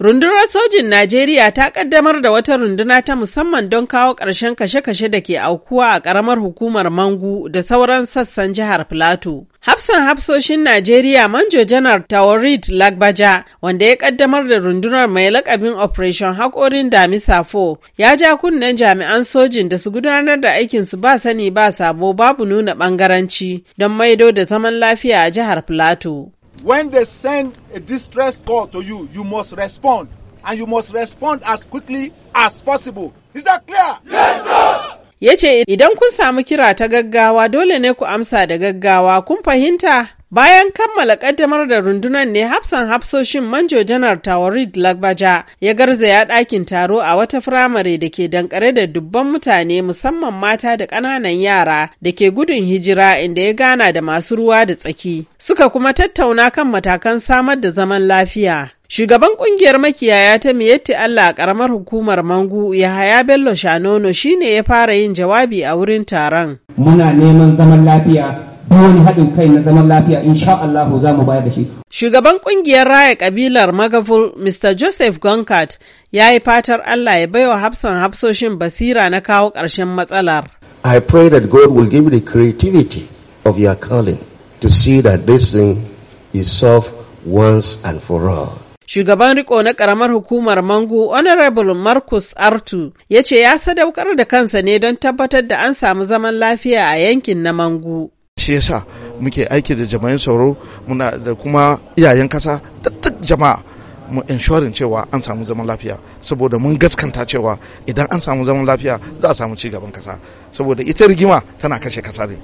Rundunar sojin Najeriya ta kaddamar da wata runduna ta musamman don kawo ƙarshen kashe-kashe da ke aukuwa a ƙaramar hukumar Mangu da sauran sassan jihar Filato. Hafsan hafsoshin Najeriya Manjo Janar Tawarit Lagbaja wanda ya kaddamar da rundunar mai lakabin Operation Hakorin Damisa 4 ya ja kunnen jami'an sojin da su gudanar da aikinsu ba sani ba sabo babu nuna ɓangaranci don maido da zaman lafiya a jihar Filato. When they send a distress call to you, you must respond. And you must respond as quickly as possible. Is that clear? Yes, sir! Ya ce, Idan kun samu kira ta gaggawa, dole ne ku amsa da gaggawa, kun fahimta? Bayan kammala kaddamar da rundunar ne hafsan hafsoshin manjo janar Tawarid Lagbaja ya garzaya ɗakin taro a wata firamare da ke dankare da dubban mutane musamman mata da ƙananan yara da ke gudun hijira inda ya gana da masu ruwa da tsaki. Suka kuma tattauna kan matakan samar da zaman lafiya. Shugaban kungiyar makiyaya ta "Miyatti Allah a karamar hukumar Mangu Yahaya Bello Shanono shine ya fara yin jawabi a wurin taron. Muna neman zaman lafiya duk wani haɗin kai na zaman lafiya insha Allah za mu bayar da shi. Shugaban ƙungiyar raya ƙabilar Magaful Mr. Joseph Gonkart ya yi fatar Allah ya baiwa hafsan hafsoshin basira na kawo ƙarshen matsalar. I pray that God will give you the creativity of your calling to see that this thing is solved once and for all. Shugaban riko na karamar hukumar Mangu Honorable Marcus Artu ya ce ya sadaukar da kansa ne don tabbatar da an samu zaman lafiya a yankin na Mangu. shi yasa muke aiki da jama'in sauro, muna da kuma iyayen kasa da duk jama'a mu inshorin cewa an samu zaman lafiya saboda mun gaskanta cewa idan an samu zaman lafiya za a samu ci gaban kasa saboda ita rigima tana kashe kasa ne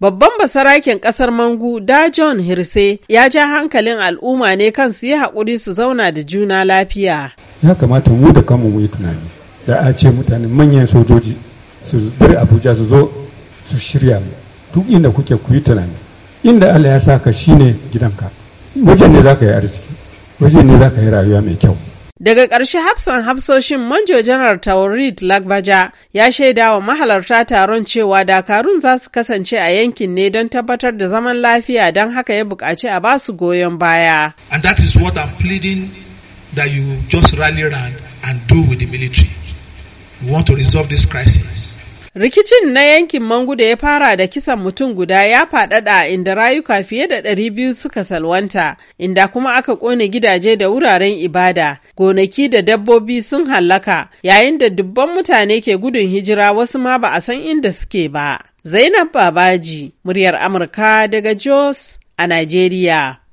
Babban basarakin kasar Mangu, Da John Hirse, ya ja hankalin al'umma ne kan su yi haƙuri su zauna da juna lafiya. Ya kamata mu da kanmu mu yi tunani, za a ce mutane manyan sojoji su bari Abuja su zo su shirya mu. duk inda kuke ku yi tunani inda Allah ya saka shine gidanka wajen ne zaka yi arziki wajen ne zaka yi rayuwa mai kyau Daga ƙarshe hafsan hafsoshin manjo janar Taurid Lagbaja ya shaida wa mahalarta taron cewa dakarun za su kasance a yankin ne don tabbatar da zaman lafiya don haka ya buƙaci a basu goyon baya. And that is what I'm pleading that you just rally around and do with the military. We want to resolve this crisis. Rikicin na yankin Mangu da ya fara da kisan mutum guda ya faɗaɗa inda rayuka fiye da ɗari biyu suka salwanta, inda kuma aka ƙone gidaje da wuraren ibada, gonaki da dabbobi sun hallaka, yayin da dubban mutane ke gudun hijira wasu ma ba a san inda suke ba. Zainab Babaji, muryar Amurka daga Jos a Najeriya.